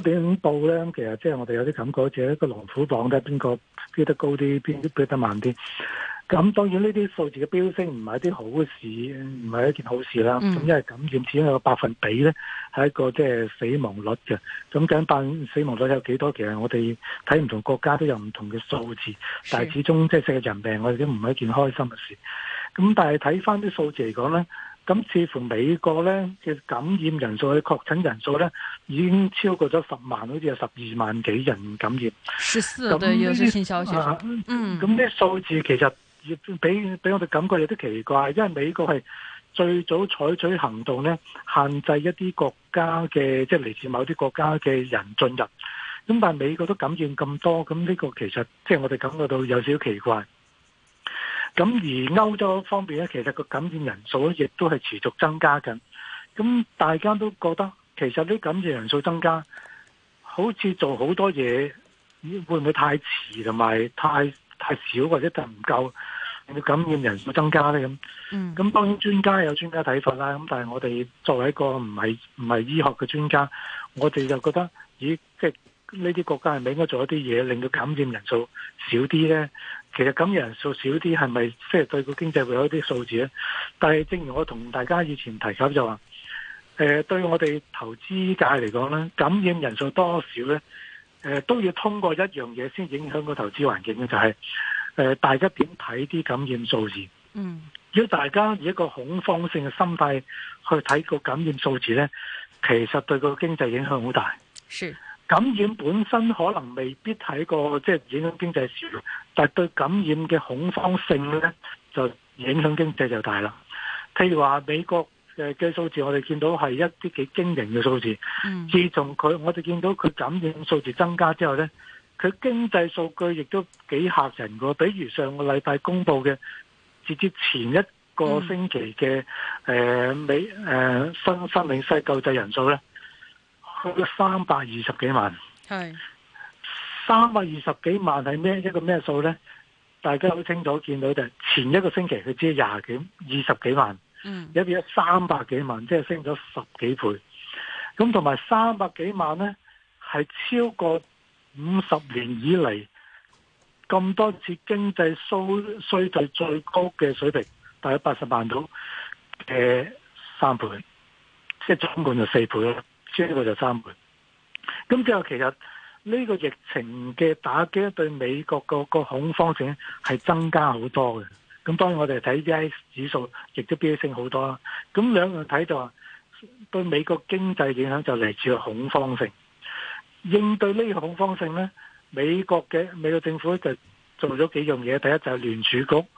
不斷報咧，其實即係我哋有啲感覺，似一個龍虎榜咧，邊個飆得高啲，邊啲飆得慢啲。咁當然呢啲數字嘅飆升唔係啲好嘅事，唔係一件好事啦。咁、嗯、因為感染，始終有個百分比咧，係一個即係死亡率嘅。咁究竟死亡率有幾多？其實我哋睇唔同國家都有唔同嘅數字，但係始終即係成日人命，我哋都唔係一件開心嘅事。咁但係睇翻啲數字嚟講咧。咁似乎美國咧嘅感染人數嘅確診人數咧已經超過咗十萬，好似有十二萬幾人感染。十四對又係新消息啦。嗯，咁呢啲數字其實亦俾俾我哋感覺有啲奇怪，因為美國係最早採取行動咧，限制一啲國家嘅即係嚟自某啲國家嘅人進入。咁但係美國都感染咁多，咁呢個其實即係我哋感覺到有少少奇怪。咁而歐洲方面咧，其實個感染人數咧，亦都係持續增加緊。咁大家都覺得，其實啲感染人數增加，好似做好多嘢，咦，會唔會太遲同埋太太少或者就唔夠？感染人數增加咧咁。咁、嗯、當然專家有專家睇法啦。咁但係我哋作為一個唔係唔係醫學嘅專家，我哋就覺得，咦，即係呢啲國家係咪應該做一啲嘢，令到感染人數少啲呢？其實感染人數少啲係咪即係對個經濟會有啲數字呢？但係正如我同大家以前提及就話，誒、呃、對我哋投資界嚟講呢，感染人數多少呢？誒、呃、都要通過一樣嘢先影響個投資環境嘅，就係、是、誒、呃、大家點睇啲感染數字。嗯，如果大家以一個恐慌性嘅心態去睇個感染數字呢，其實對個經濟影響好大。感染本身可能未必睇過即係影響經濟少，但係對感染嘅恐慌性咧就影響經濟就大啦。譬如話美國嘅嘅數字，嗯、我哋見到係一啲幾驚人嘅數字。自從佢我哋見到佢感染數字增加之後咧，佢經濟數據亦都幾吓人嘅。比如上個禮拜公布嘅，截至前一個星期嘅誒、呃、美誒新新領失救濟人數咧。三百二十幾萬，係三百二十幾萬係咩一個咩數咧？大家好清楚見到就係前一個星期佢只係廿幾二十幾萬，嗯，而家變咗三百幾萬，即係升咗十幾倍。咁同埋三百幾萬咧，係超過五十年以嚟咁多次經濟收衰退最高嘅水平，大約八十萬度嘅三倍，即係總共就四倍咯。呢個就三倍，咁之後其實呢個疫情嘅打擊對美國個個恐慌性係增加好多嘅，咁當然我哋睇 D I 指數亦都飆升好多啦。咁兩樣睇就話對美國經濟影響就嚟自個恐慌性。應對呢個恐慌性呢，美國嘅美國政府就做咗幾樣嘢，第一就係聯儲局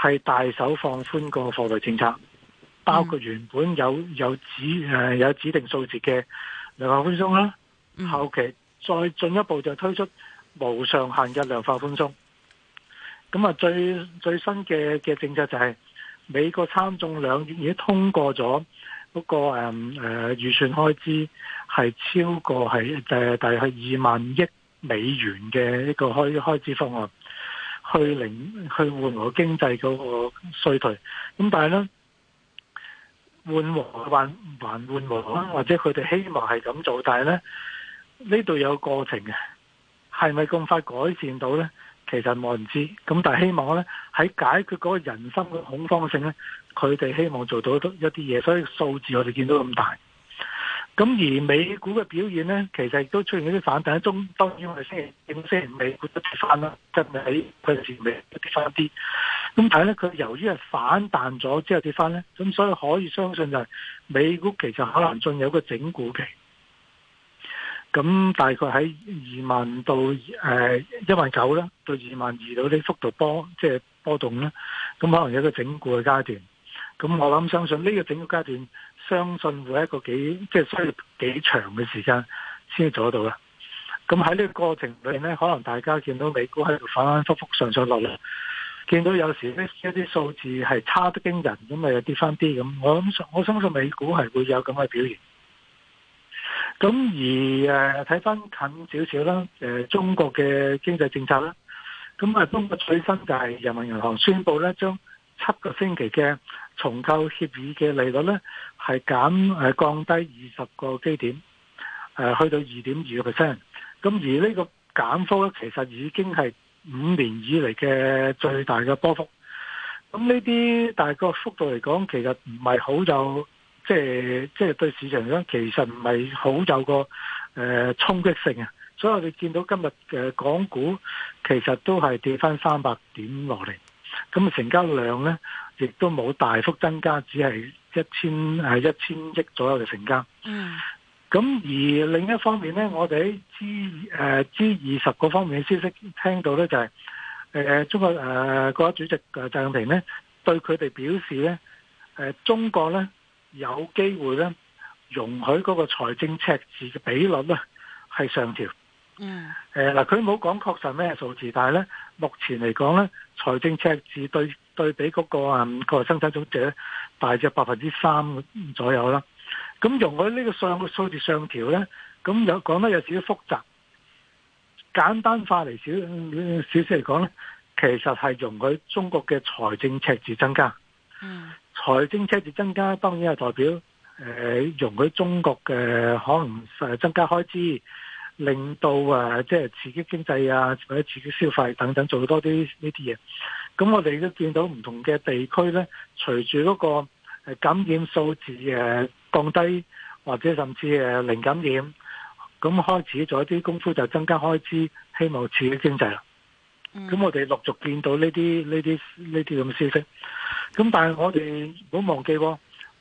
係大手放寬個貨幣政策。包括原本有有指誒有指定數字嘅量化寬鬆啦，後期再進一步就推出無上限嘅量化寬鬆。咁啊最最新嘅嘅政策就係、是、美國參眾兩院已經通過咗嗰、那個誒誒預算開支係超過係誒大概二萬億美元嘅一個開開支方案去令去緩和經濟嗰個衰退。咁但係咧。換和還還換和，或者佢哋希望係咁做，但係咧呢度有過程嘅，係咪咁快改善到咧？其實冇人知，咁但係希望咧喺解決嗰個人心嘅恐慌性咧，佢哋希望做到一啲嘢，所以數字我哋見到咁大。咁而美股嘅表現咧，其實亦都出現一啲反彈。中當然我哋星期五、星期五美股一跌翻啦，即係喺佢哋未跌翻一啲。咁睇咧，佢由於係反彈咗之後跌翻咧，咁所以可以相信就係美股其實可能進入一個整固期。咁大概喺二萬到呃、一萬九啦，到二萬二度啲幅度波，即係波動啦。咁可能有個整固嘅階段。咁我諗相信呢個整固階段，相信會係一個幾即係需要幾長嘅時間先至做得到啦。咁喺呢個過程裏面，可能大家見到美股喺度反反覆覆覆上上落落。見到有時咧一啲數字係差得驚人，咁咪跌翻啲咁。我諗，我相信美股係會有咁嘅表現。咁而誒、睇、呃、翻近少少啦，誒、呃，中國嘅經濟政策啦。咁啊，中國最新就係人民銀行宣布咧，將七個星期嘅重購協議嘅利率咧，係減誒降低二十個基點，誒、呃、去到二點二個 percent。咁而這個減呢個減幅咧，其實已經係五年以嚟嘅最大嘅波幅，咁呢啲大個幅度嚟講，其實唔係好有，即係即係對市場嚟講，其實唔係好有個誒衝擊性啊。所以我哋見到今日港股，其實都係跌翻三百點落嚟，咁啊成交量呢亦都冇大幅增加，只係一千誒一千億左右嘅成交。嗯。咁而另一方面咧，我哋喺 G、G20 個方面嘅消息聽到咧、就是，就係誒中國誒、呃、國家主席嘅習近平咧，對佢哋表示咧，誒、呃、中國咧有機會咧容許嗰個財政赤字嘅比率咧係上調。嗯。誒、呃、嗱，佢冇講確實咩數字，但係咧目前嚟講咧，財政赤字對對比嗰、那個誒、那個、生產總值呢大約百分之三左右啦。咁容許呢個上數字上調呢？咁有講得有少少複雜，簡單化嚟少少少嚟講呢其實係容許中國嘅財政赤字增加。嗯、財財政赤字增加，當然係代表誒、呃、容許中國嘅可能增加開支，令到即係、就是、刺激經濟啊或者刺激消費等等做多啲呢啲嘢。咁我哋都見到唔同嘅地區呢，隨住嗰個。係感染數字誒降低或者甚至誒零感染，咁開始做一啲功夫就增加開支，希望刺激經濟啦。咁我哋陸續見到呢啲呢啲呢啲咁嘅消息，咁但係我哋唔好忘記，哦，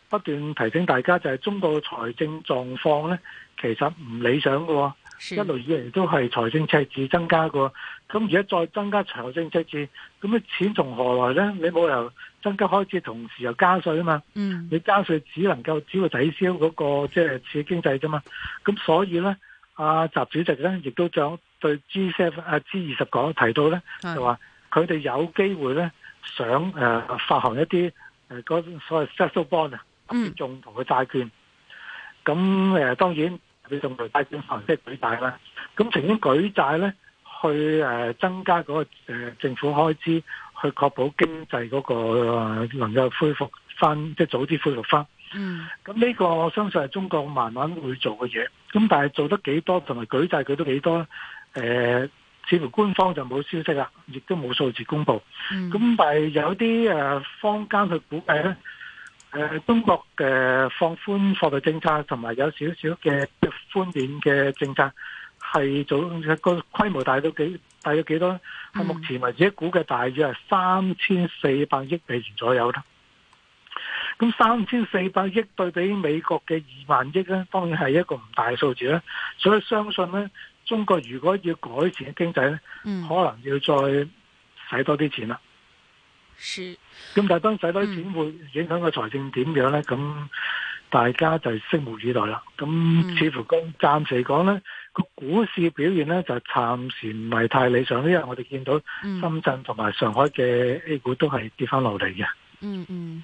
不斷提醒大家就係中國嘅財政狀況咧，其實唔理想嘅，哦。一路以嚟都係財政赤字增加嘅，咁而家再增加財政赤字，咁咩錢從何來咧？你冇由增加開支，同時又加稅啊嘛、嗯，你加稅只能夠只會抵消嗰、那個即係、就是、經濟啫嘛。咁所以咧，阿習主席咧亦都對 G7, G20 講對 G 7啊 G 二十講提到咧，就話佢哋有機會咧想誒、呃、發行一啲、呃、所謂 settle bond 啊、嗯，眾同嘅債券。咁誒、呃、當然。佢仲嚟低啲，即係舉債啦。咁曾經舉債咧，去誒增加嗰個誒政府開支，去確保經濟嗰個能夠恢復翻，即係早啲恢復翻。嗯。咁呢個我相信係中國慢慢會做嘅嘢。咁但係做得幾多，同埋舉債佢都幾多。誒，似乎官方就冇消息啦，亦都冇數字公布。嗯。咁但係有啲誒坊間去估計咧。誒，中國嘅放寬貨幣政策，同埋有少少嘅寬免嘅政策，係做個規模大到幾大？大約幾多？係目前為止估計大約係三千四百億美元左右啦。咁三千四百億對比美國嘅二萬億呢，當然係一個唔大嘅數字啦。所以相信呢，中國如果要改善嘅經濟呢，可能要再使多啲錢啦。咁、嗯、但係當使多錢會影響個財政點樣呢？咁大家就拭目以待啦。咁似乎講暫時講呢，個股市表現呢就暫時唔係太理想，因為我哋見到深圳同埋上海嘅 A 股都係跌翻落嚟嘅。嗯嗯。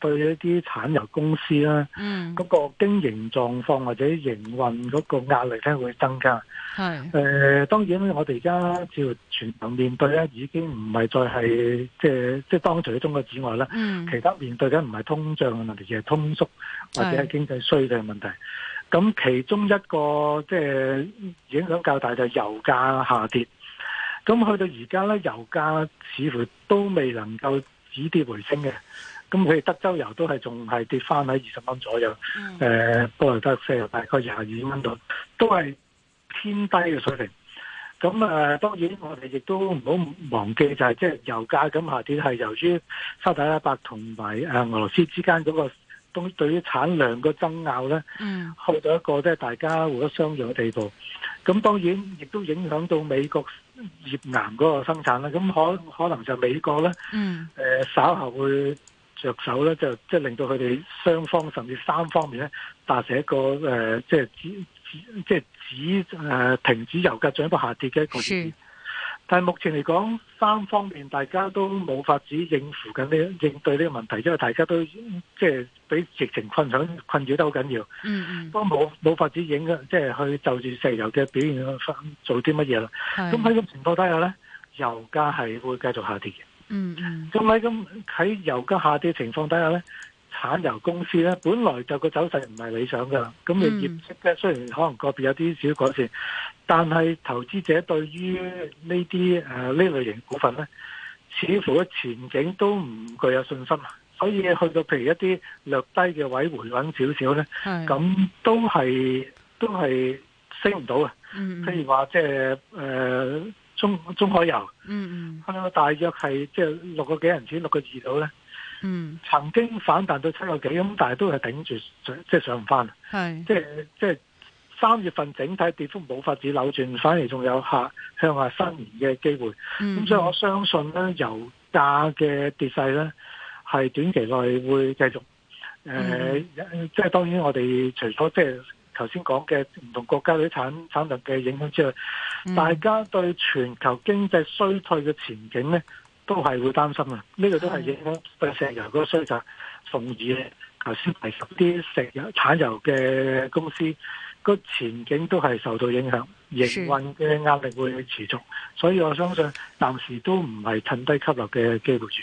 對一啲產油公司啦，嗰、嗯那個經營狀況或者營運嗰個壓力咧會增加。係誒、呃，當然我哋而家要全球面對咧，已經唔係再係、嗯、即係即係當除咗中國之外啦、嗯。其他面對嘅唔係通脹嘅問題，而係通縮或者係經濟衰退嘅問題。咁其中一個即係影響較大就係油價下跌。咁去到而家咧，油價似乎都未能夠止跌回升嘅。咁佢哋德州油都係仲係跌翻喺二十蚊左右，誒波羅德四油大概廿二蚊度，都係偏低嘅水平。咁誒、呃、當然我哋亦都唔好忘記就係即係油價咁下跌係由於沙特阿拉伯同埋俄羅斯之間嗰個都對於產量嘅爭拗咧、嗯，去到一個即係大家互不相讓嘅地步。咁當然亦都影響到美國頁岩嗰個生產啦。咁可可能就美國咧，誒、嗯呃、稍後會。着手咧，就即係、就是、令到佢哋雙方甚至三方面咧，達成一個誒，即係止止，即係止誒，停止油價進一步下跌嘅一個目標。但係目前嚟講，三方面大家都冇法子應付緊呢，應對呢個問題，因為大家都即係俾疫情困上困擾得好緊要。嗯嗯。都冇冇法子影響，即係去就住石油嘅表現去翻做啲乜嘢啦。係。咁喺咁情況底下咧，油價係會繼續下跌嘅。嗯、mm -hmm.，咁喺咁喺油價下跌情況底下咧，產油公司咧，本來就個走勢唔係理想噶，咁嘅業績咧雖然可能個別有啲少改善，但係投資者對於呢啲誒呢類型股份咧，似乎嘅前景都唔具有信心，所以去到譬如一啲略低嘅位回穩少少咧，咁、mm -hmm. 都係都係升唔到嘅，譬、mm -hmm. 如話即係誒。呃中中海油，嗯嗯，佢個大約係即係六個幾人錢，六個二到咧，嗯、mm -hmm.，曾經反彈到七個幾，咁但係都係頂住，即、就、係、是、上唔返，即係即係三月份整體跌幅冇法子扭轉，反而仲有下向下伸延嘅機會，咁、mm -hmm. 所以我相信咧，油價嘅跌勢咧係短期內會繼續，誒、mm -hmm. 呃，即、就、係、是、當然我哋除咗即係。就是頭先講嘅唔同國家啲產產能嘅影響之外、嗯，大家對全球經濟衰退嘅前景呢都係會擔心啊！呢、這個都係影響對石油嗰個需求，從而頭先提到啲石油產油嘅公司個前景都係受到影響，營運嘅壓力會持續，所以我相信暫時都唔係趁低吸入嘅機會住。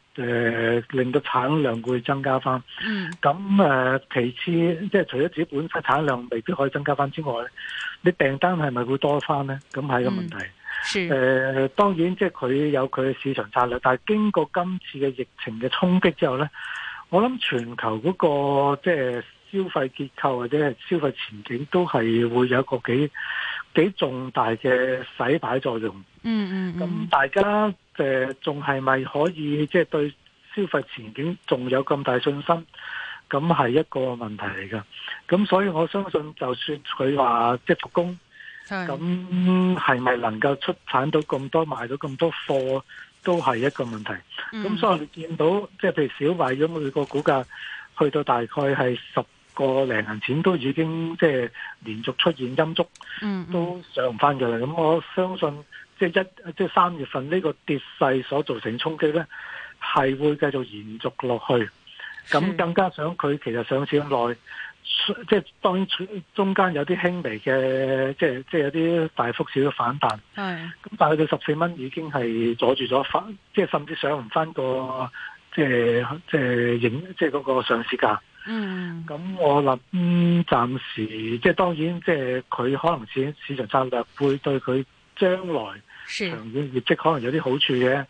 誒、呃，令到產量會增加翻。嗯，咁誒、呃，其次，即係除咗自己本身產量未必可以增加翻之外，你訂單係咪會多翻咧？咁係個問題。誒、嗯呃，當然，即係佢有佢嘅市場策略，但係經過今次嘅疫情嘅衝擊之後咧，我諗全球嗰、那個即係消費結構或者係消費前景都係會有一個幾。幾重大嘅洗牌作用，嗯嗯，咁大家嘅，仲係咪可以即係、就是、對消費前景仲有咁大信心？咁係一個問題嚟㗎，咁所以我相信就算佢話即係復工，咁係咪能夠出產到咁多賣到咁多貨，都係一個問題。咁所以你見到即係、就是、譬如小米咗佢個股價去到大概係十。個零銀錢都已經即係連續出現陰燭，都上唔翻嘅啦。咁我相信即係一即係三月份呢個跌勢所造成衝擊咧，係會繼續延續落去。咁更加想佢其實上市咁耐，即係當中間有啲輕微嘅，即係即係有啲大幅少反彈。係咁，但係佢十四蚊已經係阻住咗，即係甚至上唔翻個即係即係影即係嗰個上市價。嗯，咁我諗暫時即係、就是、當然，即係佢可能市市場策略會對佢將來長遠業績可能有啲好處嘅，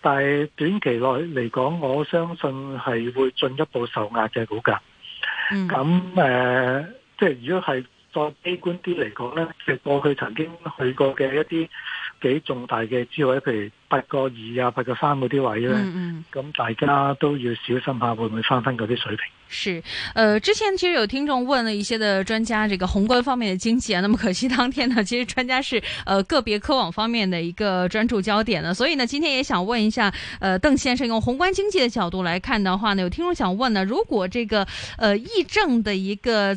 但係短期內嚟講，我相信係會進一步受壓嘅股價。咁、嗯、誒，即係、呃就是、如果係再悲觀啲嚟講咧，即係過去曾經去過嘅一啲。幾重大嘅職位，譬如八個二啊、八個三嗰啲位咧，咁、嗯嗯、大家都要小心下，會唔會翻翻嗰啲水平？是，誒、呃，之前其實有聽眾問了一些的專家，這個宏觀方面的經濟啊，那麼可惜當天呢，其實專家是誒、呃、個別科網方面的一個專注焦點啦，所以呢，今天也想問一下，誒、呃，鄧先生用宏觀經濟的角度來看的話呢，有聽眾想問呢，如果這個誒疫症的一個。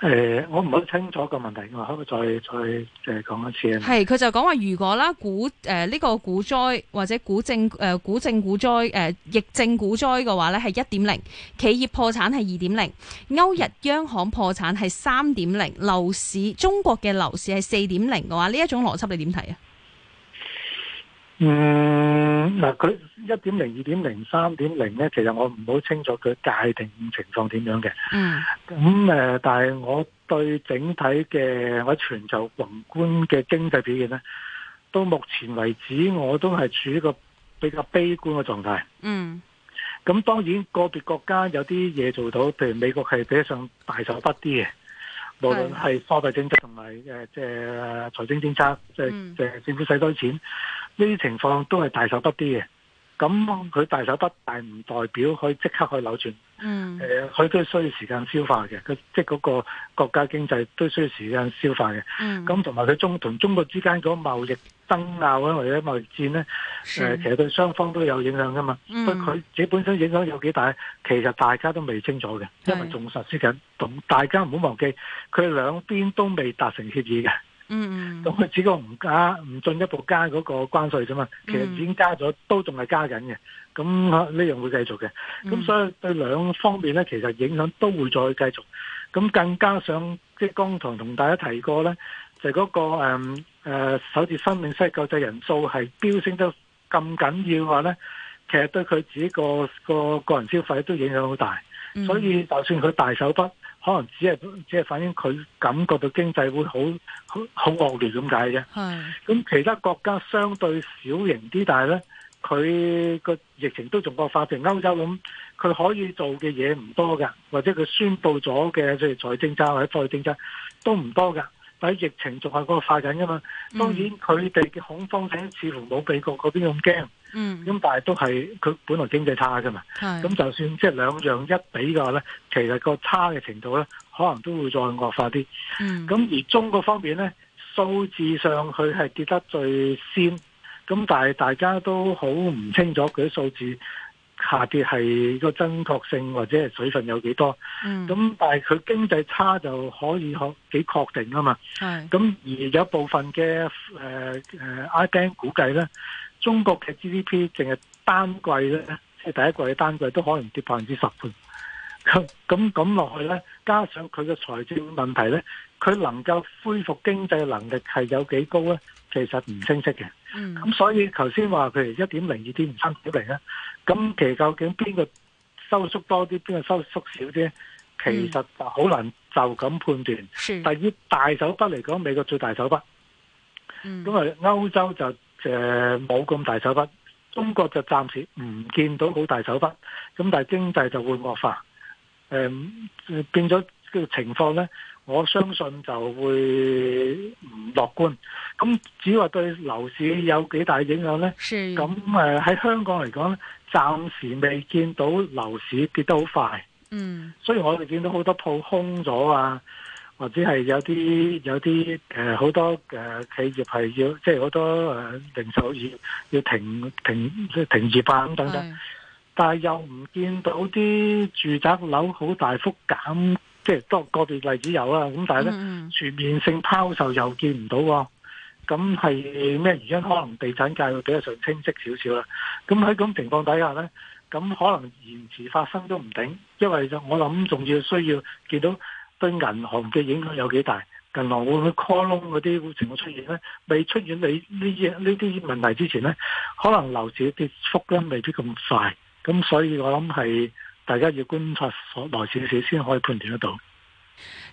誒、呃，我唔好清楚個問題，我可唔可以再再誒講一次啊？係，佢就講話，如果啦股誒呢個股災或者股證誒、呃、股證股災誒、呃、疫症股災嘅話咧係一點零，企業破產係二點零，歐日央行破產係三點零，樓市中國嘅樓市係四點零嘅話，邏輯呢一種邏輯你點睇啊？嗯，嗱，佢一點零、二點零、三點零咧，其實我唔好清楚佢界定情況點樣嘅。嗯。咁、嗯、誒，但係我對整體嘅或全球宏觀嘅經濟表現咧，到目前為止我都係處於一個比較悲觀嘅狀態。嗯。咁當然個別國家有啲嘢做到，譬如美國係比得上大手筆啲嘅，無論係貨幣政策同埋誒即係財政政策，即係政府使多錢。嗯呢啲情況都係大手筆啲嘅，咁佢大手筆，但唔代表佢即刻去扭轉。嗯，呃、佢都需要時間消化嘅，即嗰個國家經濟都需要時間消化嘅。嗯，咁同埋佢中同中國之間嗰個貿易爭拗或者貿易戰咧、呃，其實對雙方都有影響㗎嘛。佢、嗯、自己本身影響有幾大，其實大家都未清楚嘅，因為仲實施緊。同大家唔好忘記，佢兩邊都未達成協議嘅。嗯、mm -hmm.，咁佢只不過唔加唔進一步加嗰個關稅啫嘛，其實已經加咗，mm -hmm. 都仲係加緊嘅，咁呢樣會繼續嘅。咁所以對兩方面咧，其實影響都會再繼續。咁更加上，即係剛同大家提過咧，就係、是、嗰、那個誒誒，首、嗯、次、啊、生命式救濟人數係飆升得咁緊要嘅話咧，其實對佢自己個個個人消費都影響好大。所以就算佢大手筆。可能只係只係反映佢感覺到經濟會好好好惡劣咁解啫。咁其他國家相對小型啲，但係咧佢個疫情都仲咁發成歐洲，咁佢可以做嘅嘢唔多噶，或者佢宣佈咗嘅即係財政政策或者貨幣政策都唔多噶。喺疫情仲係嗰個快緊噶嘛？當然佢哋嘅恐慌性似乎冇美國嗰邊咁驚，咁、嗯、但係都係佢本來經濟差噶嘛。咁就算即係兩樣一比嘅話咧，其實個差嘅程度咧，可能都會再惡化啲。咁、嗯、而中國方面咧，數字上佢係跌得最先，咁但係大家都好唔清楚佢啲數字，下跌係個準確性或者係水分有幾多？咁、嗯、但係佢經濟差就可以可幾確定啊嘛。咁而有部分嘅誒誒 I b 估計咧，中國嘅 GDP 淨係單季咧，即係第一季嘅單季都可能跌百分之十嘅。咁咁落去咧，加上佢嘅財政問題咧，佢能夠恢復經濟能力係有幾高咧？其實唔清晰嘅，咁、嗯、所以頭先話佢哋一點零、二點五、三點零咧，咁其實究竟邊個收縮多啲，邊個收縮少啲？其實就好難就咁判斷。但係以大手筆嚟講，美國最大手筆，咁啊歐洲就誒冇咁大手筆，中國就暫時唔見到好大手筆，咁但係經濟就會惡化，誒、呃、變咗個情況咧。我相信就會唔樂觀。咁只話對樓市有幾大影響呢？咁誒喺香港嚟講，暫時未見到樓市跌得好快。嗯，所以我哋見到好多鋪空咗啊，或者係有啲有啲誒好多誒企業係要即係好多誒零售業要停停即係停業啊咁等等，但係又唔見到啲住宅樓好大幅減。即係都個別例子有啦，咁但係咧、mm -hmm. 全面性拋售又見唔到，咁係咩原因？可能地產界會比較上清晰少少啦。咁喺咁情況底下咧，咁可能延遲發生都唔定，因為就我諗仲要需要見到對銀行嘅影響有幾大，銀行會唔會 call loan 嗰啲情況出現咧？未出現你呢啲呢啲問題之前咧，可能樓市跌幅咧未必咁快，咁所以我諗係。大家要觀察耐少少先可以判斷得到。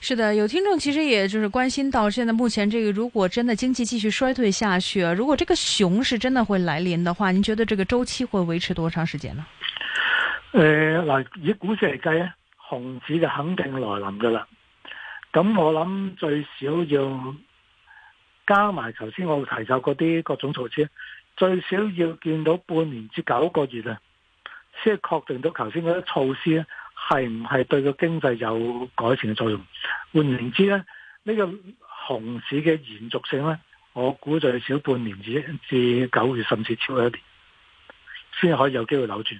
是的，有聽眾其實也就是關心到，現在目前這個如果真的經濟繼續衰退下去，啊，如果這個熊市真的會來臨的話，你覺得這個周期會維持多長時間呢？誒、呃，嗱，以股市嚟計咧，熊市就肯定來臨噶啦。咁我諗最少要加埋頭先，我提到嗰啲各種措施，最少要見到半年至九個月啊。先係確定到頭先嗰啲措施咧，係唔係對個經濟有改善嘅作用？換言之咧，呢個熊市嘅延續性咧，我估就係少半年至至九月，甚至超過一年，先可以有機會扭轉。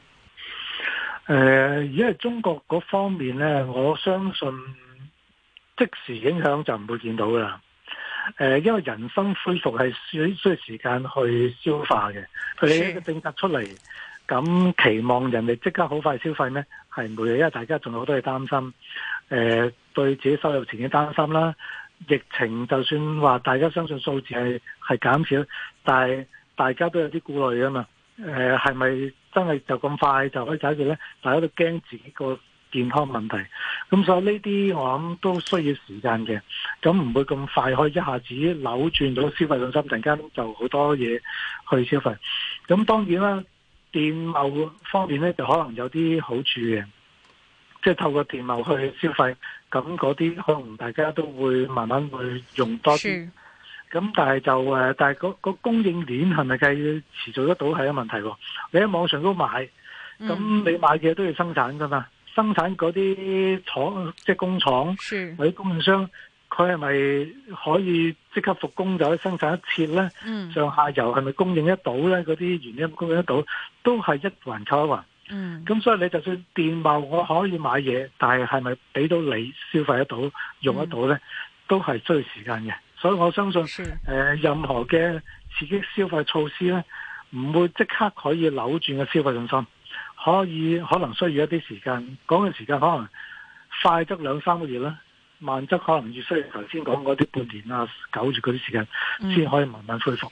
誒、呃，而家係中國嗰方面咧，我相信即時影響就唔會見到㗎啦。誒、呃，因為人生恢復係需需要時間去消化嘅，佢哋呢個政策出嚟，咁期望人哋即刻好快消費呢，係唔會嘅。因為大家仲有好多嘢擔心，誒、呃，對自己收入前景擔心啦。疫情就算話大家相信數字係係減少，但係大家都有啲顧慮㗎嘛。誒，係咪真係就咁快就可以解決咧？大家都驚自己個健康問題，咁所以呢啲我諗都需要時間嘅，咁唔會咁快可以一下子扭轉到消費信心，突然間就好多嘢去消費。咁當然啦，電貿方面咧，就可能有啲好處嘅，即係透過電貿去消費，咁嗰啲可能大家都會慢慢去用多啲。咁但係就誒，但係嗰個供應鏈係咪繼持續得到係一個問題喎？你喺網上都買，咁你買嘅嘢都要生產噶嘛？生產嗰啲廠即係工廠，或者供應商，佢係咪可以即刻復工就生產得切咧？上下游係咪供應得到咧？嗰啲原料供應得到都係一環扣一環。咁所以你就算電貿我可以買嘢，但係係咪俾到你消費得到用得到咧？都係需要時間嘅。所以我相信，呃、任何嘅刺激消費措施咧，唔會即刻可以扭轉個消費信心，可以可能需要一啲時間，嗰陣時間可能快則兩三個月啦，慢則可能要需要頭先講嗰啲半年啊、九月嗰啲時間，先可以慢慢恢復。嗯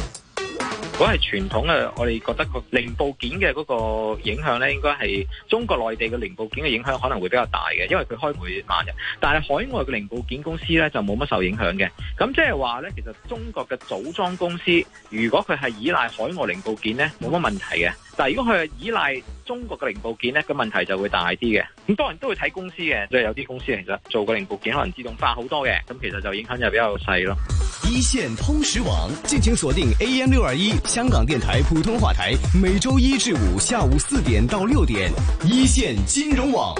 如果係傳統嘅，我哋覺得個零部件嘅嗰個影響呢，應該係中國內地嘅零部件嘅影響可能會比較大嘅，因為佢開會慢嘅。但係海外嘅零部件公司呢，就冇乜受影響嘅。咁即係話呢，其實中國嘅組裝公司，如果佢係依賴海外零部件呢，冇乜問題嘅。但係如果佢係依賴，中國嘅零部件呢，個問題就會大啲嘅。咁當然都會睇公司嘅，即係有啲公司其實做嘅零部件可能自動化好多嘅，咁其實就影響就比較細咯。一線通識網，敬請鎖定 AM 六二一香港電台普通話台，每周一至五下午四點到六點。一線金融網。